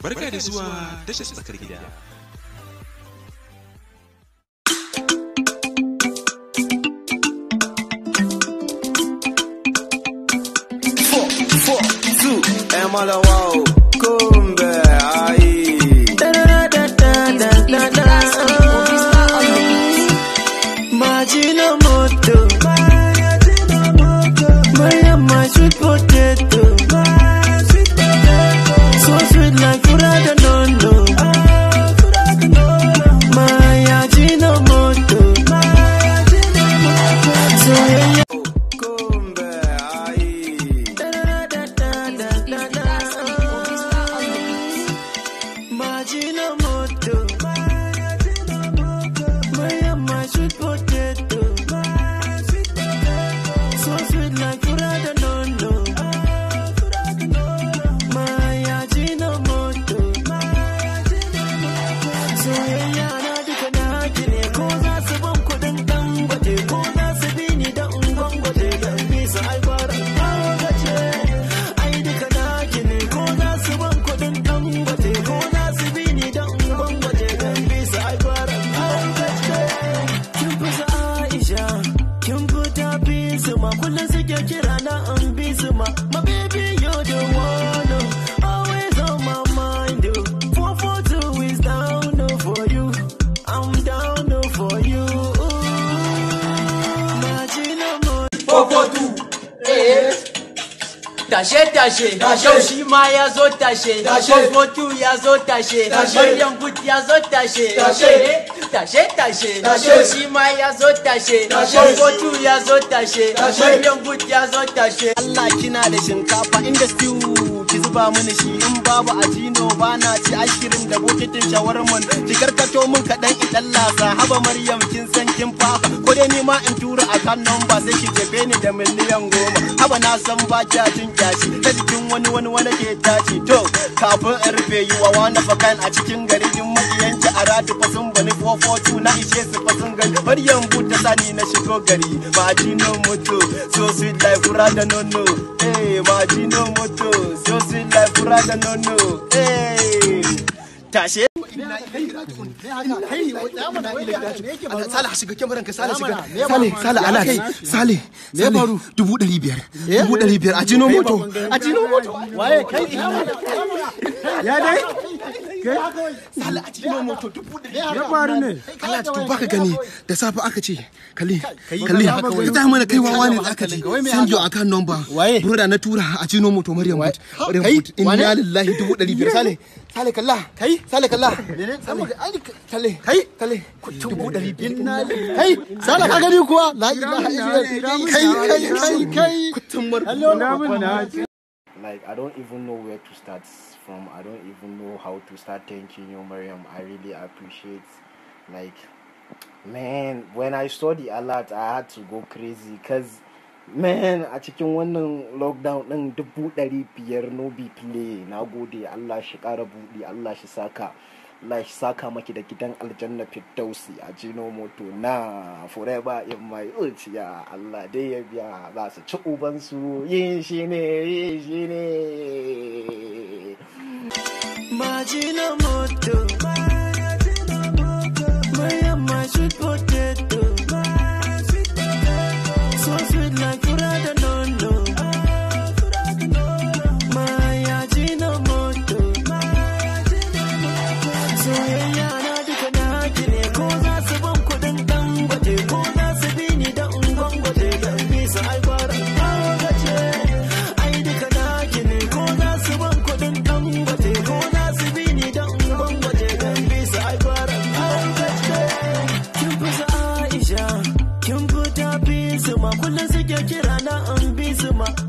バルカイですわー、デシャスタカリキだ。Four, four, four, two, and my love. ma kullum suke kira na in bi su ma mabi tashe tashe yau shi ma ya zo tashe kosmotu ya zo tashe maryam gut ya zo tashe tashe tashe eh, yau shi ma ya zo tashe kosmotu ya zo tashe maryam gut ya zo tashe Allah kina da shinkafa industry. duba mini shi in babu ajino ba na ci ashirin da bokitin shawarman ka to min kaɗan idan lasa haba maryam kin san kin fafa ko dai ni ma in tura a kan nomba sai ki jefe ni da miliyan goma haba na san ba tun kyashi ta jikin wani wani wani ke tashi to kafin in rufe yi wa wani fakan a cikin gari garin makiyanci a ratu fasin bani 442 na ishe su fasin gari maryam buta sani na shigo gari ba ajino mutu so sweet life kura da nono Hey, no Moto, Zosi Life, Brother Nono. Hey, tashe. Sale shiga ka sale a eh? jino moto sala a moto dubu da ya faru ne Allah baka gani da safa aka ce kali kali ka ta mana kai wawa ne aka ce send your account number broda na tura a cikin moto maryam but inna lillahi dubu dari sale sale kalla kai sale kalla sale kai sale dubu dari biyar kai sale ka gani kuwa la ilaha illallah kai kai kai kai kutumar like I don't even know where to start from. I don't even know how to start thanking you, Mariam. I really appreciate like man, when I saw the alert I had to go crazy because man a cikin wannan lockdown ɗin that ɗari biyar no be play go the Allah shi ƙara buɗe Allah shi Allah saka maki da gidan aljanna fiddausi a jino moto na forever in my ya Allah dai ya biya za su ci uban su yin shi ne yin shi ne majina moto kullum suke kira na in bi su ma